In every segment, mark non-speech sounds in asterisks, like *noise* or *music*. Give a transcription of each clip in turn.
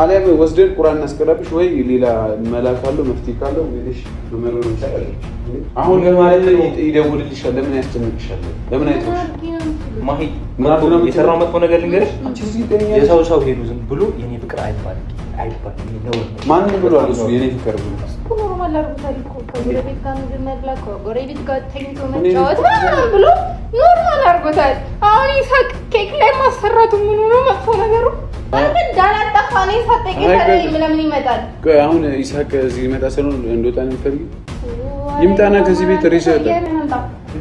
አሊያም ወስደን ቁራን እናስቀራብሽ ወይ ሌላ መላ ካለው መፍትሄ ካለው ሌሎች ሄደሽ መመረ አሁን ለማለት ይደውልልሻል። ለምን ያስጨንቅሻል? ለምን አይተውሽ ማሂ የሰራው መጥፎ ነገር ልንገርሽ፣ የሰው ሰው ሄዱ ዝም ብሎ የኔ ፍቅር አይባል ማንም ብሎ የኔ ፍቅር ብሎ ብሎ ኖርማል አድርጎታል። አሁን ይሳቅ ኬክ ላይ ማሰራቱ ምን ሆኖ መጥፎ ነገሩ እንዳላጠፋ ነው። ይመጣል? አሁን ይሳቅ እዚህ ይመጣ ስለሆነ እንደወጣ ነው ይምጣና ከዚህ ቤት ሬሳ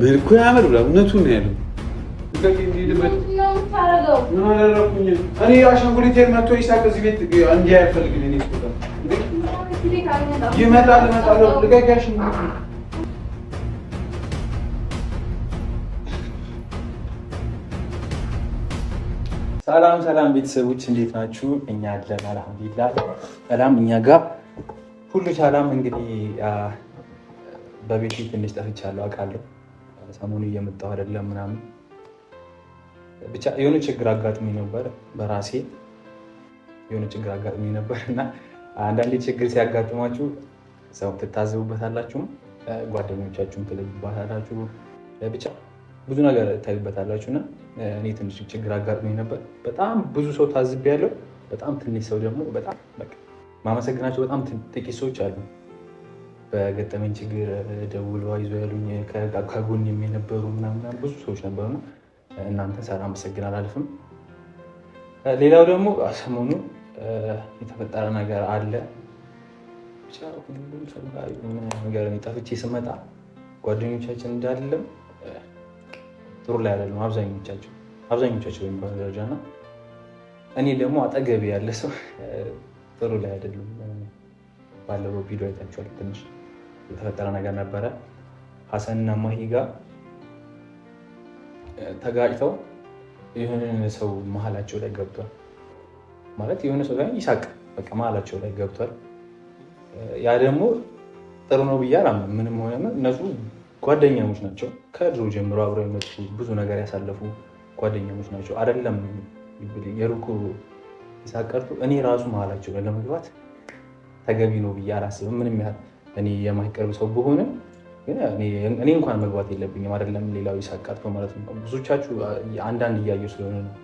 መልኩ ያምር ብላ እውነቱን ነው ያለው። እኔ አሻንጉሊቴ መቶ ይሳቅ እዚህ ቤት እንዲ አያፈልግም። እኔ ይመጣል እመጣለሁ። ልቀቂያሽ ሰላም ሰላም ቤተሰቦች እንዴት ናችሁ? እኛ አለን አልሐምዱሊላህ ሰላም እኛ ጋር ሁሉ ሰላም። እንግዲህ በቤት ትንሽ ጠፍቻለሁ አውቃለሁ። ሰሞኑ እየመጣሁ አይደለም ምናምን ብቻ የሆነ ችግር አጋጥሚ ነበር። በራሴ የሆነ ችግር አጋጥሚ ነበር እና አንዳንዴ ችግር ሲያጋጥማችሁ ሰው ትታዘቡበታላችሁ፣ ጓደኞቻችሁም ትለዩባታላችሁ፣ ብቻ ብዙ ነገር ታዩበታላችሁ። እና እኔ ትንሽ ችግር አጋጥሚ ነበር። በጣም ብዙ ሰው ታዝቤያለሁ። በጣም ትንሽ ሰው ደግሞ በጣም ማመሰግናቸው በጣም ጥቂት ሰዎች አሉ። በገጠመኝ ችግር ደውለው አይዞህ ያሉኝ ከጎን የነበሩ ምናምን ብዙ ሰዎች እናንተ እናንተን አመሰግን አላልፍም። ሌላው ደግሞ ሰሞኑ የተፈጠረ ነገር አለ። ሁሉም ነገር ጠፍቼ ስመጣ ጓደኞቻችን እንዳለም ጥሩ ላይ አይደለም። አብዛኞቻቸው አብዛኞቻቸው የሚባል ደረጃ እና እኔ ደግሞ አጠገቤ ያለ ሰው ጥሩ ላይ አይደለም። ባለፈው ቪዲዮ አይታችኋል ትንሽ የተፈጠረ ነገር ነበረ። ሀሰንና ማሂ ጋር ተጋጭተው የሆነ ሰው መሀላቸው ላይ ገብቷል። ማለት የሆነ ሰው ይሳቅ በቃ መሀላቸው ላይ ገብቷል። ያ ደግሞ ጥሩ ነው ብዬ አላምንም። ምንም ሆነ እነሱ ጓደኛሞች ናቸው። ከድሮ ጀምሮ አብረው የመጡ ብዙ ነገር ያሳለፉ ጓደኛሞች ናቸው። አይደለም የሩቁ ይሳቀርቱ እኔ ራሱ መሀላቸው ላይ ለመግባት ተገቢ ነው ብዬ አላስብም ምንም ያህል እኔ የማይቀርብ ሰው ብሆንም እኔ እንኳን መግባት የለብኝም አይደለም ሌላው ይሳቃት ማለት ነው። ብዙቻችሁ አንዳንድ እያየሁ ስለሆነ ነው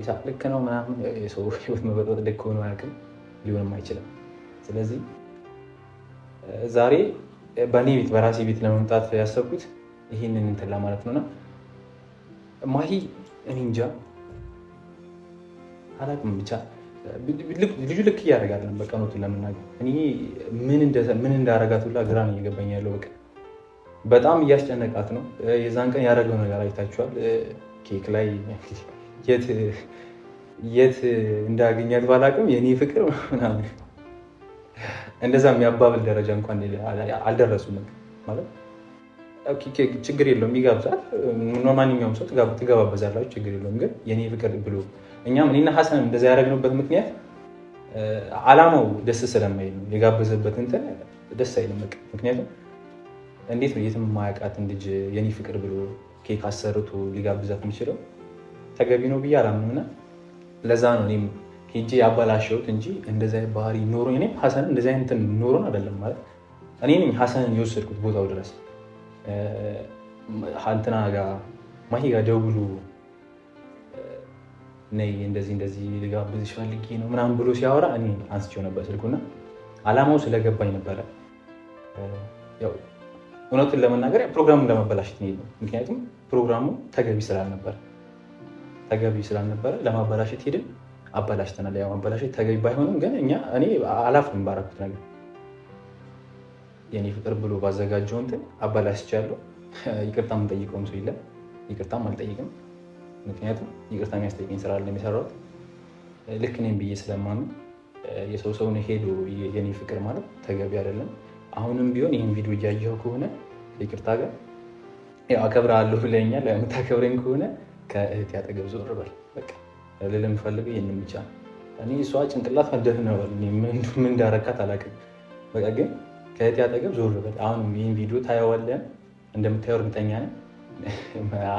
ይሳቅ ልክ ነው ምናምን የሰው ህይወት መበጠጥ ልክ ሆነ አያውቅም ሊሆንም አይችልም። ስለዚህ ዛሬ በእኔ ቤት በራሴ ቤት ለመምጣት ያሰብኩት ይህንን እንትን ለማለት ነውና ማሂ እኔ እንጃ አላውቅም ብቻ ልጁ ልክ እያደረጋለን። በቃ ኖት ለምናገር ምን እንዳረጋት ሁላ ግራ ነው እየገባኝ ያለው። በቃ በጣም እያስጨነቃት ነው። የዛን ቀን ያደረገው ነገር አይታችኋል። ኬክ ላይ የት የት እንዳገኛት ባላቅም የኔ ፍቅር ምናምን እንደዛ የሚያባብል ደረጃ እንኳን አልደረሱም። ማለት ችግር የለውም ይጋብዛት፣ ማንኛውም ሰው ትጋባበዛላችሁ፣ ችግር የለውም ግን የኔ ፍቅር ብሎ እኛም እኔና ሀሰን እንደዛ ያደረግንበት ምክንያት አላማው ደስ ስለማይል ነው። የጋበዘበት እንትን ደስ አይልም። ምክንያቱም እንዴት ነው የትም ማያውቃትን ልጅ የኔ ፍቅር ብሎ ኬክ አሰርቶ ሊጋብዛት የሚችለው ተገቢ ነው ብዬ አላምንምና ለዛ ነው እኔም ሄጄ ያበላሸሁት እንጂ እንደዚ ባህሪ ኖሮ እኔም ሀሰን እንደዚ አይነት ኖሮን አይደለም ማለት እኔ ነኝ ሀሰንን የወሰድኩት ቦታው ድረስ እንትና ጋር ማሂ ጋር ደውሉ ነይ እንደዚህ እንደዚህ ልጋብዝሽ ፈልጌ ነው ምናምን ብሎ ሲያወራ እኔ አንስቼው ነበር ስልኩና አላማው ስለገባኝ ነበረ። እውነቱን ለመናገር ፕሮግራሙን ለማበላሸት ነው የሄድነው። ምክንያቱም ፕሮግራሙ ተገቢ ስላልነበረ ተገቢ ስላልነበረ ለማበላሸት ሄድን፣ አበላሽተናል። ያው ማበላሸት ተገቢ ባይሆንም ግን እኛ እኔ አላፍርም ባረኩት ነገር የኔ ፍቅር ብሎ ባዘጋጀው እንትን አበላሽቻለሁ። ይቅርታም ጠይቀውም ሰው የለም፣ ይቅርታም አልጠይቅም። ምክንያቱም ይቅርታ የሚያስጠይቀኝ ስራ አለ የሚሰራት ልክ እኔም ብዬ ስለማምን የሰው ሰውን ሄዶ የኔ ፍቅር ማለት ተገቢ አይደለም። አሁንም ቢሆን ይህን ቪዲዮ እያየኸው ከሆነ ይቅርታ ጋር አከብርሃለሁ ብለኸኛል። የምታከብረኝ ከሆነ ከእህቴ አጠገብ ዞር በል። በቃ ልልህ የምፈልገው ይህንን ብቻ እኔ እሷ ጭንቅላት አልደፍነዋል። ምን እንዳረካት አላውቅም። በቃ ግን ከእህቴ አጠገብ ዞር በል። አሁንም ይህን ቪዲዮ ታየዋለን እንደምታየው እርግጠኛ ነኝ።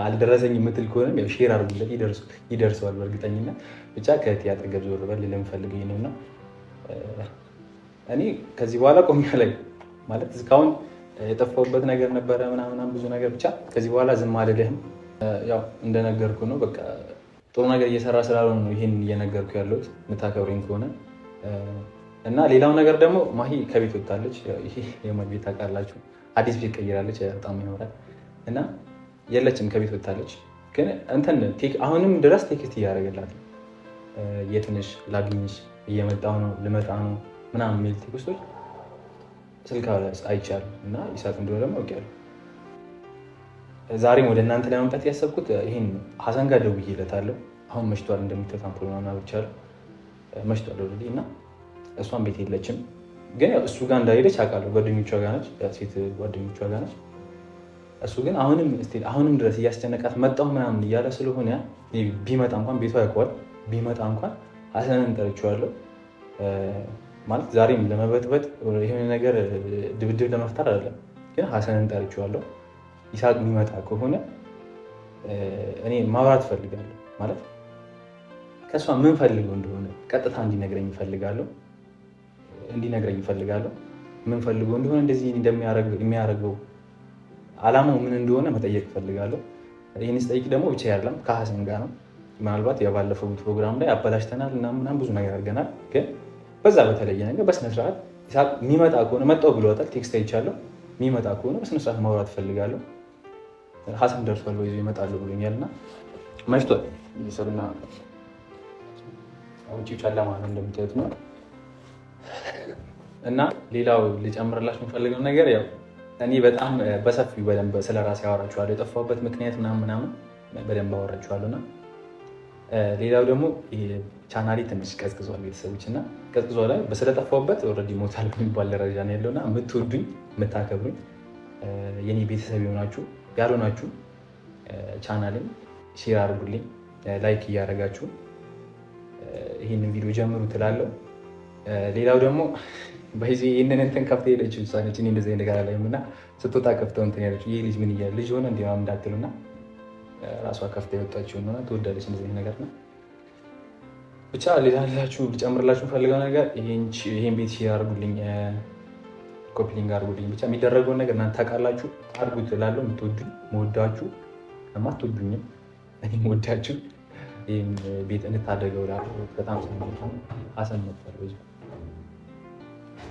አልደረሰኝ የምትል ከሆነም ያው ሼር አድርጉለት፣ ይደርሰዋል በእርግጠኝነት። ብቻ ከእህቴ አጠገብ ዞር በል ለምፈልግ ይህንን ነው። እኔ ከዚህ በኋላ ቆሚያ ላይ ማለት እስካሁን የጠፋሁበት ነገር ነበረ ምናምናም ብዙ ነገር ብቻ ከዚህ በኋላ ዝም አልልህም። ያው እንደነገርኩ ነው በቃ ጥሩ ነገር እየሰራ ስላልሆነ ነው ይህን እየነገርኩ ያለሁት የምታከብረኝ ከሆነ እና ሌላው ነገር ደግሞ ማሂ ከቤት ወጥታለች። ይሄ የመቤት ታውቃላችሁ፣ አዲስ ቤት ቀይራለች። በጣም ይኖራል እና የለችም ከቤት ወታለች። ግን እንትን አሁንም ድረስ ቴክስት እያደረገላት የትንሽ ላግኝሽ፣ እየመጣው ነው፣ ልመጣ ነው ምናምን የሚል ቴክስቶች ስልካ አይቻልም እና ይሳቅ እንደሆነ ደግሞ አውቄያለሁ። ዛሬም ወደ እናንተ ለመምጣት ያሰብኩት ይህን ሀሰን ጋር ደውዬለታለሁ። አሁን መሽቷል፣ እንደሚተታን ፕሮግራም ብቻለሁ መሽቷል ወደ እና እሷን ቤት የለችም። ግን እሱ ጋር እንዳልሄደች አውቃለሁ። ጓደኞቿ ጋር ነች፣ ሴት ጓደኞቿ ጋር ነች። እሱ ግን አሁንም ስቲል አሁንም ድረስ እያስጨነቃት መጣሁ ምናምን እያለ ስለሆነ ቢመጣ እንኳን ቤቷ ያውቀዋል። ቢመጣ እንኳን ሀሰንን ጠርቼዋለሁ ማለት ዛሬም ለመበጥበጥ የሆነ ነገር ድብድብ ለመፍጠር አይደለም፣ ግን ሀሰንን ጠርቼዋለሁ። ይሳቅ የሚመጣ ከሆነ እኔ ማብራት እፈልጋለሁ ማለት ከእሷ ምን ፈልገው እንደሆነ ቀጥታ እንዲነግረኝ እፈልጋለሁ እንዲነግረኝ እፈልጋለሁ። ምን ፈልገው እንደሆነ እንደዚህ እንደሚያደርገው አላማው ምን እንደሆነ መጠየቅ እፈልጋለሁ። ይህን ስጠይቅ ደግሞ ብቻ ያለም ከሀሰን ጋር ነው። ምናልባት የባለፈው ፕሮግራም ላይ አበላሽተናል እና ምናምን ብዙ ነገር አድርገናል። ግን በዛ በተለየ ነገር በስነስርዓት የሚመጣ ከሆነ መጣው ብለዋታል። ቴክስት አይቻለሁ። የሚመጣ ከሆነ በስነስርዓት ማውራት እፈልጋለሁ። ሀሰን ደርሷል ወይ ይመጣሉ ብሎኛል እና መሽቷል። ሰብና ውጭ ጨለማ ነው እንደምታዩት ነው እና ሌላው ልጨምርላችሁ የምፈልገው ነገር ያው እኔ በጣም በሰፊው በደንብ ስለ ራሴ አወራችኋለሁ። የጠፋሁበት ምክንያት ምናምን ምናምን በደንብ አወራችኋለሁ እና ሌላው ደግሞ ቻናሌ ትንሽ ቀዝቅዟል ቤተሰቦች እና ቀዝቅዟ ላይ ስለጠፋሁበት ኦልሬዲ ሞታል የሚባል ደረጃ ነው ያለውና የምትወዱኝ የምታከብሩኝ የኔ ቤተሰብ የሆናችሁ ያልሆናችሁ ቻናልን ሼር አድርጉልኝ፣ ላይክ እያደረጋችሁ ይህንን ቪዲዮ ጀምሩ ትላለው። ሌላው ደግሞ በዚህ ይህንን እንትን ከፍተህ የለችም ሳነች እኔ እንደዚህ ነገር አላየሁም እና ስትወጣ ከፍተው እንትን ያለች ይህ ልጅ ምን እያለ ልጅ ሆነ እንዲ ምናምን እንዳትሉ እና ራሷ ከፍተ የወጣችው ሆነ ትወዳለች እንደዚህ ነገር ነው። ብቻ ሌላላችሁ ልጨምርላችሁ ፈልገው ነገር ይህን ቤት አርጉልኝ፣ አድርጉልኝ፣ ኮፒሊንግ አድርጉልኝ። ብቻ የሚደረገውን ነገር እናንተ ታውቃላችሁ፣ አድርጉት እላለሁ። የምትወዱኝ መወዳችሁ የማትወዱኝም እኔ ወዳችሁ ይህም ቤት እንታደገው እላለሁ። በጣም ሰ ሀሰን ነበር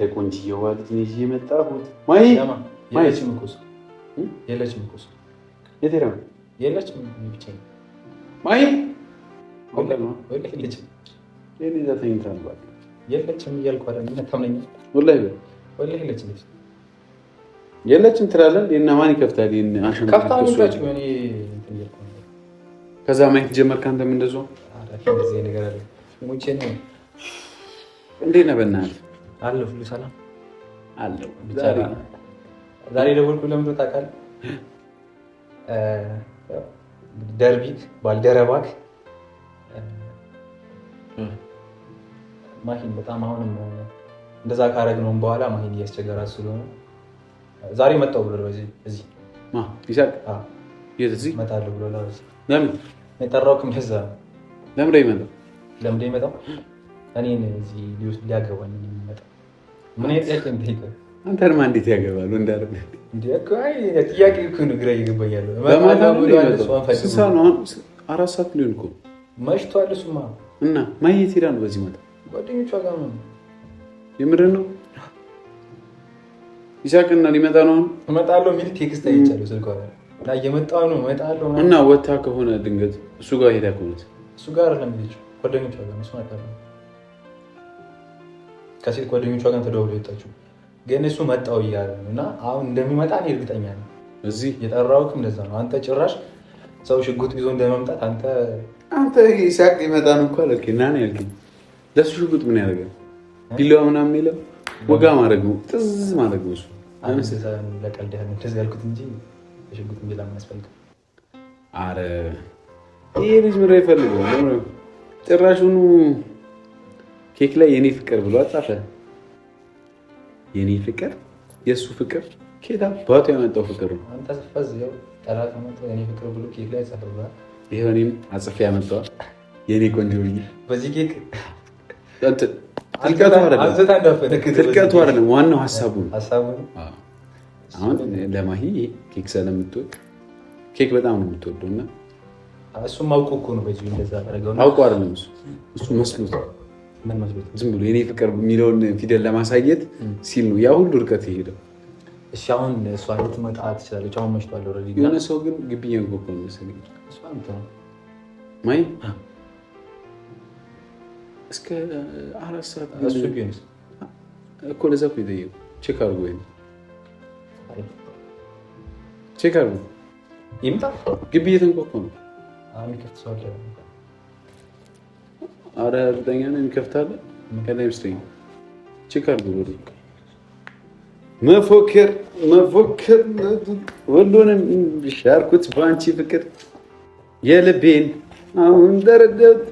ለቆንጅየዋ ልጅ ይዤ የመጣሁት ማይ የለችም እኮ እሱ የለችም እኮ እሱ የት ሄዳ ነው? የለችም ብቻ ማይ የለችም ተኝታ ነው የለችም እያልኩ የለችም የለችም ትላለህ። እና ማን ይከፍታል? ከዛ ማየት ጀመርክ አንተም እንደዚያው እንዴት ነህ? በእናትህ አለ ሁሉ ሰላም አለ። ዛሬ ደወልኩ ለምዶ ታውቃለህ፣ *laughs* ደርቢት ባልደረባክ ማሂን በጣም አሁንም እንደዛ ካረግ ነው በኋላ ማሂን እያስቸገራት ስለሆነ ዛሬ መጣው ብሎ እዚህ እመጣለሁ ብሎ ለምን የጠራሁህ? ለምን ለምን አይመጣም እኔን እዚህ ሊወስድ ሊያገባኝ የሚመጣ ምን ጥያቄ ነው አንተርማ እንዴት ያገባሉ እንዳለ ጥያቄ ነው ግራ እየገባኝ አራት ሰዓት ሊሆን እኮ መሽቷል። እሱማ እና ማየት ሄዳ ነው በዚህ መጣ ጓደኞቿ ጋር ነው የምድን ነው ይሳቅና ሊመጣ ነው እመጣለሁ የሚል ቴክስት አይቻለሁ። ስልኳ ላይ እየመጣ ነው እመጣለሁ እና ወታ ከሆነ ድንገት እሱ ጋር ሄዳ ከሆነ እሱ ጋር ለሚሄድ ጓደኞቿ ጋር ነው እሱ ከሴት ጓደኞቿ ጋር ተደውሎ የወጣችው ግን እሱ መጣው እያለ ነው እና አሁን እንደሚመጣ እኔ እርግጠኛ ነው። እዚህ የጠራሁት እንደዛ ነው። አንተ ጭራሽ ሰው ሽጉጥ ይዞ እንደመምጣት አንተ አንተ ይሳቅ ይመጣ ነው እኮ አልከኝ እና ነው ያልከኝ። ለሱ ሽጉጥ ምን ያደርጋል? ቢለዋ ምናምን የሚለው ወጋ ማድረግ ነው ጥዝ ማድረግ ነው እሱ ለቀልድ ያህል እንደዚህ ያልኩት እንጂ ሽጉጥ እንጂ ለማያስፈልግ አረ ይሄ ልጅ ምራ ይፈልገው ጭራሹኑ ኬክ ላይ የኔ ፍቅር ብሎ አጻፈ። የኔ ፍቅር የእሱ ፍቅር ኬታ ባቱ ያመጣው ፍቅር ነው። ይሄ እኔም አጽፌ ያመጣዋል። የኔ ቆንጆ በዚህ ኬክ ጥልቀቱ አይደለም ዋናው ሀሳቡ ነው። አሁን ለማሂ ኬክ ስለምትወድ ኬክ በጣም ነው የምትወደው እና እሱም እኮ ነው በዚህ እንደዛ አደረገው አውቆ አይደለም እሱ መስሎት ዝም ብሎ የኔ ፍቅር የሚለውን ፊደል ለማሳየት ሲል ነው ያ ሁሉ እርቀት የሄደው። እሺ አሁን እሷ ልትመጣ ትችላለች። አሁን መሽቷል። የሆነ ሰው ግን ግቢ እያንኳኳ ነው መሰለኝ። ማይ እስከ አራት ሰዓት እሱ ቢሆንስ እኮ ለዛ እኮ የጠየቁት ቼክ አድርጎ ወይ ቼክ አድርጎ ይምጣ። ግቢ እየተንኳኳ ነው። አረ እርግጠኛ ነኝ እንከፍታለን። ከላይ ቼክ አድርጉ። መፎከር መፎከር ሁሉንም ሻርኩት በአንቺ ፍቅር የልቤን አሁን ደረደት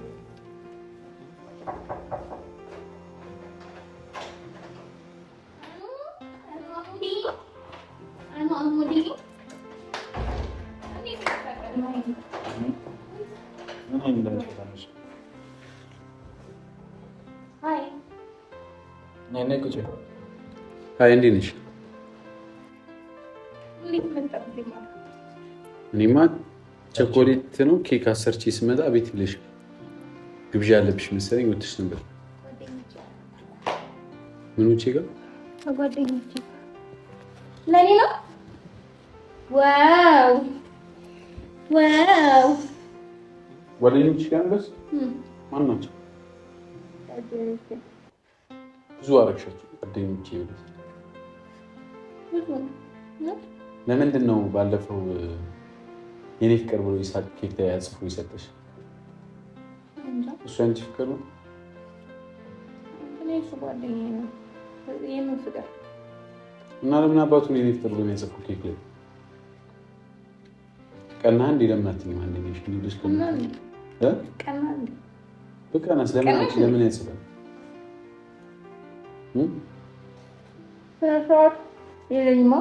አይ እንዴት ነሽ? እኔማ ቸኮሌት ነው ኬክ አሰርቼ ስመጣ ቤት የለሽ ግብዣ አለብሽ መሰለኝ ወጥሽ ነበር። ምኖቼ ጋር ጓደኞቼ ለኔ ነው። ዋው ዋው! ጓደኞች ጋር በስ ማን ናቸው? ብዙ አረግሻቸው ጓደኞቼ ለምንድን ነው ባለፈው የኔ ፍቅር ብሎ ይሳቅ ኬክ ተጽፎ ይሰጠሽ? እሱ ያንቺ ፍቅር ነው? እና ለምን አባቱን የኔ ፍቅር ብሎ የሚያጽፈው ኬክ ላይ ቀና እንዲ ለምናትኝ አንደኛሽ ለምን ለምን ያጽፋል? ሌላኝማ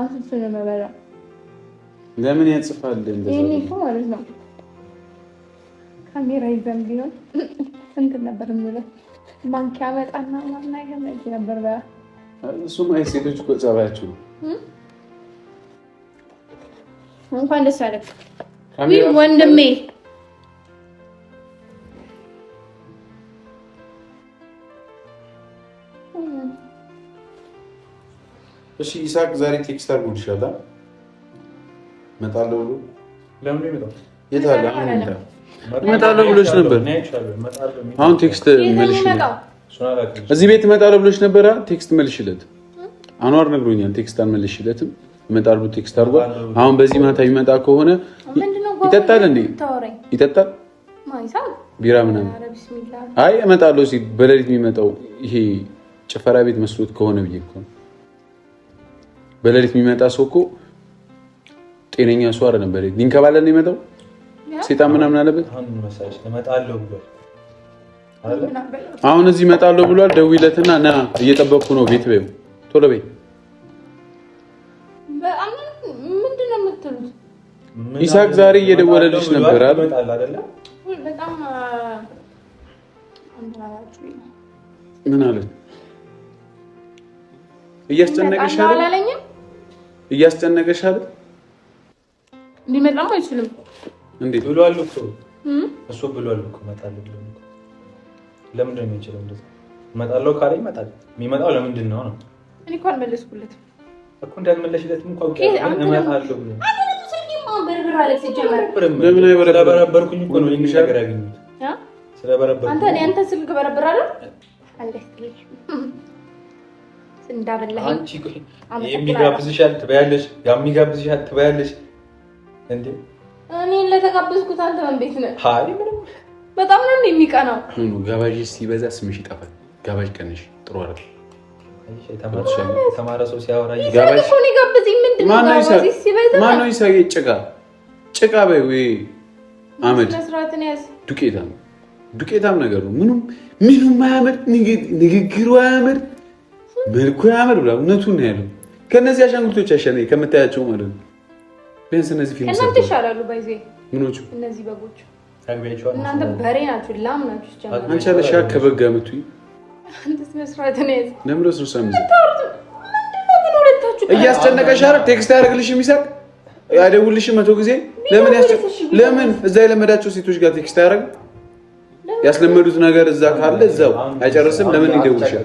አስሱ ነው የምበላው። ለምን ያጽፋል? ይሄን እኮ ማለት ነው ካሜራ ይዘን ቢሆን ስንት ነበር የምለው ማንኪያ መጣና ማናገር ነበር በላ እሱም አይ ሴቶች እኮ ጸባያችሁ ነው። እንኳን ደስ አለህ ወንድሜ እሺ ይሳቅ ዛሬ ቴክስት አድርጎልሻል እመጣለሁ ብሎ ለምን ይመጣል? የት አለ? እመጣለሁ ብሎሽ ነበር። አሁን ቴክስት መልሽለት። እዚህ ቤት እመጣለሁ ብሎሽ ነበረ። ቴክስት መልሽለት። አኗር ነግሮኛል። ቴክስት አልመለሽለትም። እመጣለሁ ቴክስት አድርጓል። አሁን በዚህ ማታ የሚመጣ ከሆነ ይጠጣል እንዴ? ይጠጣል ቢራ ምናምን። አይ እመጣለሁ ሲል በሌሊት የሚመጣው ይሄ ጭፈራ ቤት መስሎት ከሆነ ብዬ እኮ ነው በሌሊት የሚመጣ ሰው እኮ ጤነኛ ሰው አይደለም። በሌሊት ሊንከባለን የመጣው ሴጣን ምናምን አለበት። አሁን እዚህ እመጣለሁ ብሏል። ደውይለትና ና እየጠበቅኩ ነው ቤት በይው፣ ቶሎ በይ። ይሳቅ ዛሬ እየደወለልሽ ነበር አለ ምን አለ? እያስጨነቀሽ እያስጨነቀሽ አይደል? ሊመጣም አይችልም እንዴ? ብሏል እኮ እሱ ብሏል እኮ እመጣለሁ ብሎ ለምንድን ነው የሚችለው? እንደዛ እመጣለሁ ካለኝ ይመጣል። የሚመጣው ለምንድን ነው ነው? እኔ እኮ አልመለስኩለትም እኮ እንዳልመለስኩለት እኮ እመጣለሁ ብሎ ለምን እኮ ነው ያገኘሁት ስለበረበርኩኝ። አንተ ስልክ በረብራለሁ እንዳበላህ አንቺ የሚጋብዝሻል ትበያለሽ፣ የሚጋብዝሻል ትበያለሽ። እንዴ እኔን ለተጋበዝኩት አንተ እንዴት ነህ? ምንም በጣም ነው የሚቀናው። ጋባዥ ሲበዛ ስምሽ ይጠፋል። ጋባዥ ቀንሽ ጥሩ አይደል? የተማረ ሰው ሲያወራ ጋባዥ ማነው ይሳቅ? ጭቃ ጭቃ በይ ወይ አመድ ነው ዱቄታም ነገር ነው። ምኑም ምኑም አያምር፣ ንግግሩ አያምር መልኩ ያምር ብላ እውነቱን ነው ያለው። ከነዚህ አሻንጉልቶች ያሸነ ከምታያቸው ማለት ነው። ቢያንስ እነዚህ ፊልም እናንተ ይሻላሉ። ባይዜ ምኖቹ እነዚህ በጎች እናንተ በሬ ናችሁ፣ ላም ናችሁ። አንቺ አለሽ ከበግ ጋር የምትውይ ለምን ደስ ነው እያስጨነቀሽ አይደል? ቴክስት አያደርግልሽም የሚሰቅ ያደውልሽ መቶ ጊዜ ለምን ለምን እዛ የለመዳቸው ሴቶች ጋር ቴክስት አያደርግም? ያስለመዱት ነገር እዛ ካለ እዛው አይጨርስም። ለምን ይደውልሻል?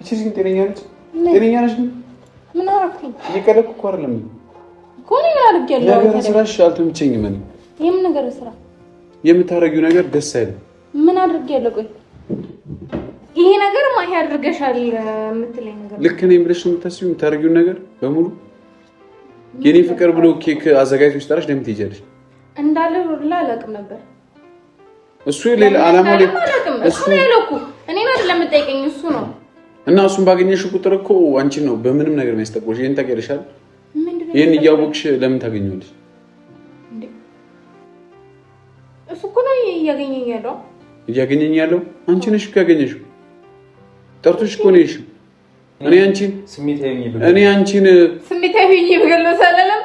እቺ ግን ጤነኛ ነች? ጤነኛ ነች ግን ምን አደረኩኝ? እየቀለድኩ እኮ አይደለም እኮ እኔ ምን አድርጌያለሁ? ነገር ስራሽ አልተመቸኝም። እኔ የምን ነገር ስራ? የምታደርጊው ነገር ደስ አይልም። ምን አድርጌያለሁ? ቆይ ይሄ ነገር ማ ይሄ አድርገሻል የምትለኝ ነገር ልክ እኔ ብለሽ ነው የምታስቢው? የምታደርጊውን ነገር በሙሉ የኔ ፍቅር ብሎ ኬክ አዘጋጅቶች ጠራሽ ደም ትሄጃለሽ? እንዳለ ሩላ አላውቅም ነበር እሱ ሌላ አላማ እሱ ነው ያለው እኮ እኔን አይደለም የምጠይቀኝ እሱ ነው እና እሱን ባገኘሽ ቁጥር እኮ አንቺን ነው በምንም ነገር የሚያስጠቆሽ። ይህን ታገርሻል። ይህን እያወቅሽ ለምን ታገኘዋለሽ? እሱ እኮ ነው እያገኘኝ ያለው እያገኘኝ ያለው አንቺ ነሽ እኮ ያገኘሽው። ጠርቶሽ እኮ ነው የሄድሽው። እኔ አንቺን እኔ አንቺን ስሜታዊ ሆኜ ብገለው ሳላለም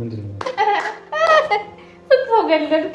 ምንድን ነው ገለልክ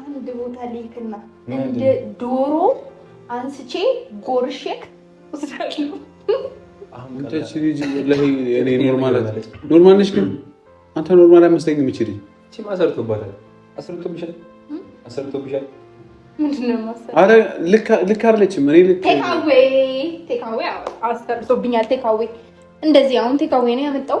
አንድ ቦታ ልክና እንደ ዶሮ አንስቼ ጎርሼክ ወስዳለሁ። ኖርማል ነሽ ግን አንተ ኖርማል አይመስለኝም። ይችል አሰርቶብሻል። አሰርቶብሻል። አረ ልክ ልክ ቴካዌ ቴካዌ አሰርቶብኛል። ቴካዌ እንደዚህ አሁን ቴካዌ ነው ያመጣው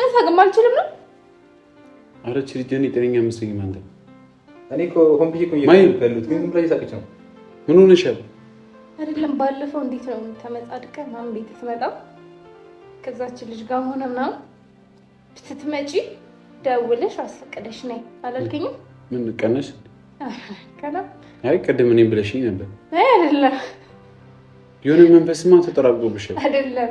መሳቅም አልችልም ነው። አረ ችሪት ጤነኛ መስለኝም። አንተ እኔ ሆን ብዬሽ እኮ እየፈለኩት ግን ዝም ብላ ነው። ምን ሆነሻል? አይደለም ባለፈው እንዴት ነው ተመጻድቀህ ምናምን ቤት ትመጣ ከዛችን ልጅ ጋር ሆነ ምናምን ስትመጪ ደውለሽ አስፈቅደሽ ነይ አላልከኝም? ምን ቀነሽ? አይ ቅድም እኔም ብለሽኝ ነበር። አይ አይደለም የሆነ መንፈስማ ተጠራቅቶብሻል አይደለም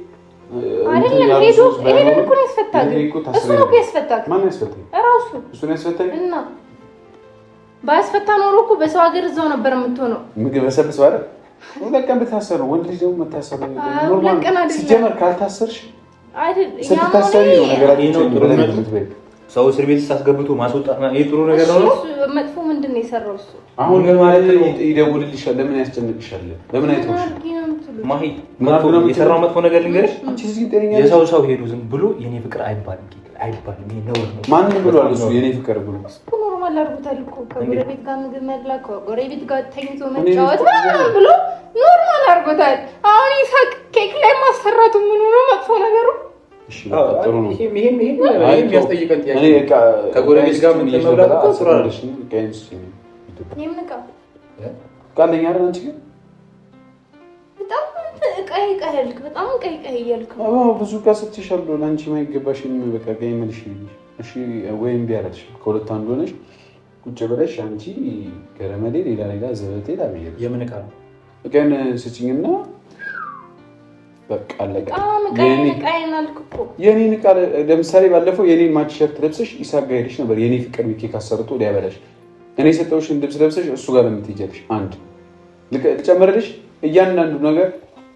አይደለም እኮ ባያስፈታ ኖሮ እኮ በሰው ሀገር እዛው ነበር የምትሆነው። ምግብ በሰብሰው አይደል? ሁለት ቀን ነው። ወንድ ልጅ ደግሞ መታሰር ሲጀመር ካልታሰርሽ ስትታሰሪ ሰው እስር ቤት ሳስገብቶ ማስወጣት ይሄ ጥሩ ነገር ነው። መጥፎ ምንድን ነው የሰራው እሱ? አሁን ግን ማለት ይደውልልሻል። ለምን ያስጨንቅሻል? ለምን አይተውሽም? ማሂ የሰራው መጥፎ ነገር ልንገርሽ፣ የሰው ሰው ሄዱ ዝም ብሎ የኔ ፍቅር አይባልም አይባልም። ይሄ ነውር ነው። ማንም ብሏል እሱ የኔ ፍቅር ብሎ ኖርማል አድርጎታል እኮ ከጎረቤት ጋር ምግብ መብላት፣ ከጎረቤት ጋር ተኝቶ መጫወት ብሎ ኖርማል አድርጎታል። አሁን ይሳቅ ኬክ ላይ ማሰራቱ ምን ሆኖ መጥፎ ነገሩ? ያስጠይቀን ጥያቄ ከጎረቤት ጋር ምግብ መብላት ቃለኛ አንቺ ግን ቀይ ቀይ ልክ በጣም ቀይ ቀይ እያልክ ብዙ ጋር ስትሻለው ለአንቺ የማይገባሽ በቃ ቀይ መልሽ እሺ፣ ወይም ቢያረግሽ ከሁለት አንዱ ሆነሽ ቁጭ ብለሽ አንቺ ገረመዴ ሌላ ሌላ ዘበቴ ላብየ የምን ዕቃ ነው ቀን ስጭኝና በቃ አለቀ። የኔን ዕቃ ለምሳሌ ባለፈው የኔን ማትሸርት ለብሰሽ ኢሳጋ ሄደሽ ነበር። የኔ ፍቅር ኬክ አሰርቶ ሊያበላሽ እኔ የሰጠሁሽን ልብስ ለብሰሽ እሱ ጋር ለምትሄጃለሽ አንድ ልጨምርልሽ እያንዳንዱ ነገር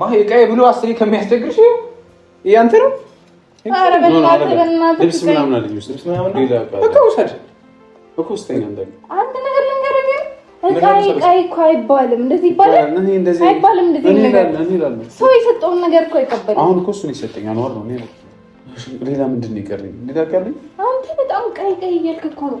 ማህ እቃዬ ብሎ አስሬ ከሚያስቸግርሽ ያንተ ነው። ልብስ ምናምን አለኝ እኮ ውሰድ እኮ ውስጠኛ አንድ ነገር ልንገርህ፣ እቃዬ ቀይ እኮ አይባልም። እንደዚህ ይባላል አይባልም። እንደዚህ ነገር ሰው የሰጠውን ነገር እኮ አይቀበልም። አሁን እኮ እሱ ነው የሰጠኝ። አኗር ነው ሌላ ምንድን ነው የቀረኝ? ሌላ ቀረኝ። አንተ በጣም ቀይ ቀይ እያልክ እኮ ነው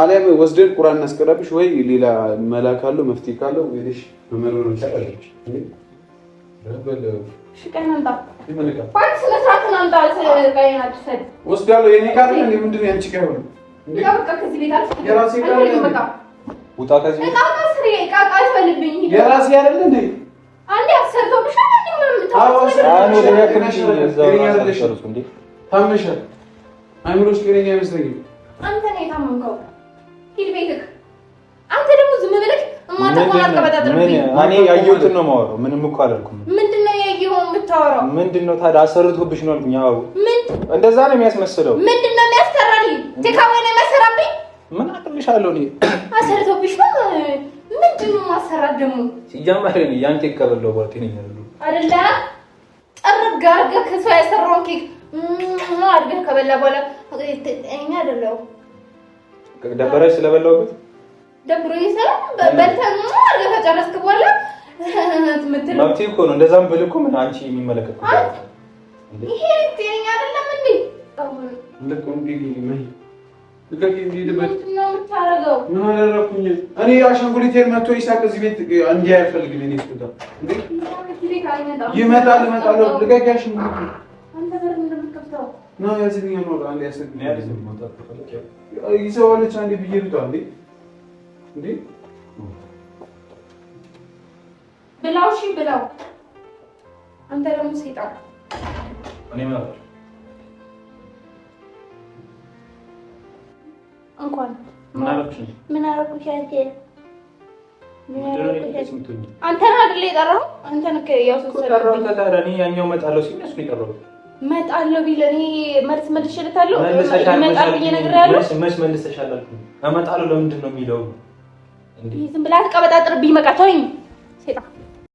አሊያም ወስደን ቁራን እናስቀራብሽ ወይ ሌላ መላ ካለው መፍትሄ ካለው ሄደሽ መመርመር ይቻላለች። ካለ አይምሮሽ ጤነኛ አይመስለኝም። አንተ ነው የታመምከው። ሂድ ቤትህ። አንተ ደግሞ ዝም ብለህ እኔ ያየሁትን ነው የማወራው። ምንም እኮ አላልኩም። ምንድን ነው ያየኸው የምታወራው? ምንድን ነው ታዲያ? አሰርቶብሽ ነው አልኩኝ። አዎ እንደዛ ነው የሚያስመስለው። ምንድን ነው የሚያስሰራልኝ? ትካወይ ነው የሚያሰራብኝ። ምን አቅልሻለሁ እኔ። አሰርቶብሽ ነው። ምንድን ነው ማሰራት ደግሞ? ሲጀመር ያን ኬክ ከበላሁ ጓደኛ ነው አይደለ? ጠርግ አድርገህ ከሰው ያሰራውን ኬክ አድርገህ ከበላ በኋላ እኛ አይደለሁም ደበረሽ ስለበላሁበት ደብሮ ይሰራል። በልተን አድርገህ ከጨረስክ በኋላ መብቴ እኮ ነው። እንደዛም ብል እኮ ምን አንቺ የሚመለከት ይሄ ጤነኛ አይደለም። እኔ አሻንጉሊቴን መቶ ይሳቅ እዚህ ቤት እንዲህ አይፈልግም። ይመጣል ይመጣል። ይዘዋለች። አንዴ ብዬ ልጣ እንዴ እንዴ ብላው፣ እሺ ብላው። አንተ ደግሞ ሴጣን እኔ ማለት እንኳን ምን አደረኩሽ? ምን አደረኩሽ? አንተ አንተን አይደል የጠራኸው? አንተን ያኛው መጣለው ሲል ነው የጠራሁት እመጣለሁ ቢል እኔ መልስ መልሼልታለሁ። እመጣለሁ ብዬሽ ነግሬሃለሁ። መች መልሰሻል አልኩኝ። እመጣለሁ ለምንድን ነው የሚለው? ዝም ብለህ አትቀበጣጥርብኝ። መቃ ተወኝ ሴጣን